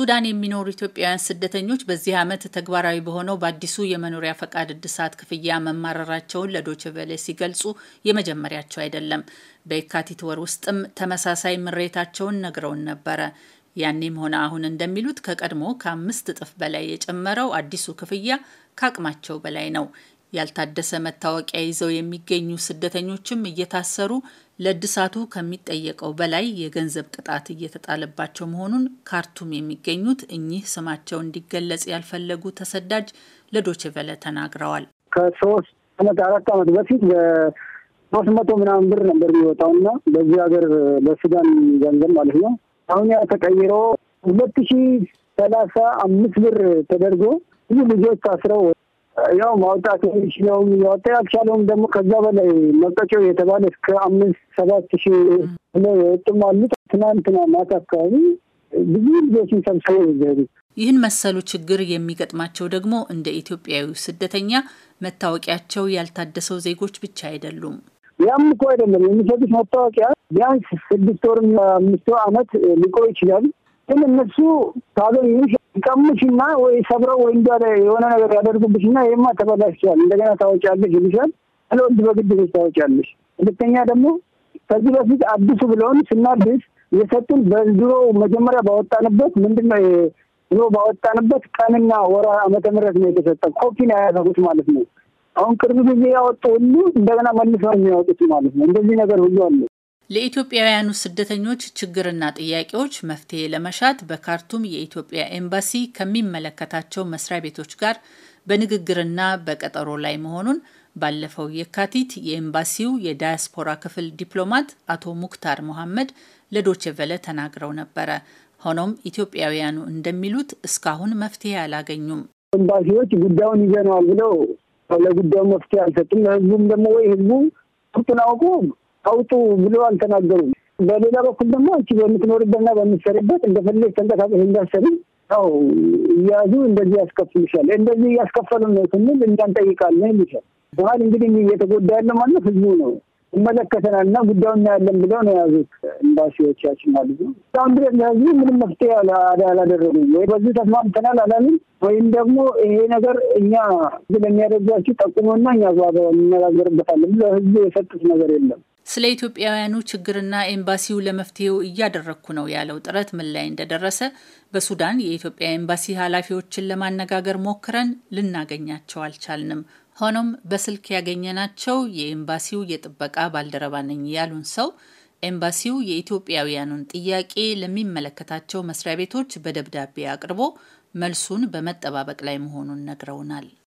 ሱዳን የሚኖሩ ኢትዮጵያውያን ስደተኞች በዚህ ዓመት ተግባራዊ በሆነው በአዲሱ የመኖሪያ ፈቃድ እድሳት ክፍያ መማረራቸውን ለዶችቬሌ ሲገልጹ የመጀመሪያቸው አይደለም። በየካቲት ወር ውስጥም ተመሳሳይ ምሬታቸውን ነግረውን ነበረ። ያኔም ሆነ አሁን እንደሚሉት ከቀድሞ ከአምስት እጥፍ በላይ የጨመረው አዲሱ ክፍያ ከአቅማቸው በላይ ነው። ያልታደሰ መታወቂያ ይዘው የሚገኙ ስደተኞችም እየታሰሩ ለእድሳቱ ከሚጠየቀው በላይ የገንዘብ ቅጣት እየተጣለባቸው መሆኑን ካርቱም የሚገኙት እኚህ ስማቸው እንዲገለጽ ያልፈለጉ ተሰዳጅ ለዶችቨለ ተናግረዋል። ከሶስት ዓመት አራት ዓመት በፊት በሶስት መቶ ምናምን ብር ነበር የሚወጣው እና በዚህ ሀገር በሱዳን ገንዘብ ማለት ነው። አሁን ያ ተቀይሮ ሁለት ሺ ሰላሳ አምስት ብር ተደርጎ ብዙ ልጆች ታስረው ያው ማውጣት የሚችለው ያወጣ ያልቻለውም ደግሞ ከዛ በላይ መቀጮ የተባለ እስከ አምስት ሰባት ሺ ብሎ የወጡም አሉ። ትናንትና ማታ አካባቢ ብዙ ልጆችን ሰብስበው ይዘሩ ይህን መሰሉ ችግር የሚገጥማቸው ደግሞ እንደ ኢትዮጵያዊ ስደተኛ መታወቂያቸው ያልታደሰው ዜጎች ብቻ አይደሉም። ያም እኮ አይደለም የሚሰጡት መታወቂያ ቢያንስ ስድስት ወርም አምስት አመት ሊቆይ ይችላል። ግን እነሱ ካገኙሽ ይቀሙሽና ወይ ሰብረው ወይ እንደ የሆነ ነገር ያደርጉብሽና ይህማ ተበላሽቷል፣ እንደገና ታወጫለሽ ይልሻል። ለወንድ በግድ ቤት ታወጫለሽ። ሁለተኛ ደግሞ ከዚህ በፊት አዲሱ ብለውን ስናድስ የሰጡን በድሮ መጀመሪያ ባወጣንበት ምንድነው ድሮ ባወጣንበት ቀንና ወራ ዓመተ ምህረት ነው የተሰጠ ኮፒን ያያዘጉት ማለት ነው። አሁን ቅርብ ጊዜ ያወጡ ሁሉ እንደገና መልሰው የሚያወጡት ማለት ነው። እንደዚህ ነገር ሁሉ አለ። ለኢትዮጵያውያኑ ስደተኞች ችግርና ጥያቄዎች መፍትሄ ለመሻት በካርቱም የኢትዮጵያ ኤምባሲ ከሚመለከታቸው መስሪያ ቤቶች ጋር በንግግርና በቀጠሮ ላይ መሆኑን ባለፈው የካቲት የኤምባሲው የዳያስፖራ ክፍል ዲፕሎማት አቶ ሙክታር መሐመድ ለዶችቨለ ተናግረው ነበረ። ሆኖም ኢትዮጵያውያኑ እንደሚሉት እስካሁን መፍትሄ አላገኙም። ኤምባሲዎች ጉዳዩን ይዘነዋል ብለው ለጉዳዩ መፍትሄ አልሰጡም። ለህዝቡም ደግሞ ወይ ህዝቡ ቁጡን አውቁ አውጡ ብለው አልተናገሩም። በሌላ በኩል ደግሞ እቺ በምትኖርበትና በምትሰርበት እንደፈለግ ተንቀሳቀስ እንዳሰሪ ው እያያዙ እንደዚህ ያስከፍሉሻል። እንደዚህ እያስከፈሉ ነው ስንል እንዳንጠይቃለን ይሻል በኋላ እንግዲህ እየተጎዳ ያለ ማለት ህዝቡ ነው ይመለከተናል እና ጉዳዩን እናያለን ብለው ነው የያዙት ኤምባሲዎቻችን ማለት ነው። እስካሁን ድረስ ለህዝቡ ምንም መፍትሄ አላደረጉም። ወይ በዚህ ተስማምተናል አላልን ወይም ደግሞ ይሄ ነገር እኛ ለሚያደርጓችሁ ጠቁሞና እኛ ጓ እንነጋገርበታለን ብሎ ህዝቡ የሰጡት ነገር የለም። ስለ ኢትዮጵያውያኑ ችግርና ኤምባሲው ለመፍትሄው እያደረግኩ ነው ያለው ጥረት ምን ላይ እንደደረሰ በሱዳን የኢትዮጵያ ኤምባሲ ኃላፊዎችን ለማነጋገር ሞክረን ልናገኛቸው አልቻልንም። ሆኖም በስልክ ያገኘናቸው የኤምባሲው የጥበቃ ባልደረባ ነኝ ያሉን ሰው ኤምባሲው የኢትዮጵያውያኑን ጥያቄ ለሚመለከታቸው መስሪያ ቤቶች በደብዳቤ አቅርቦ መልሱን በመጠባበቅ ላይ መሆኑን ነግረውናል።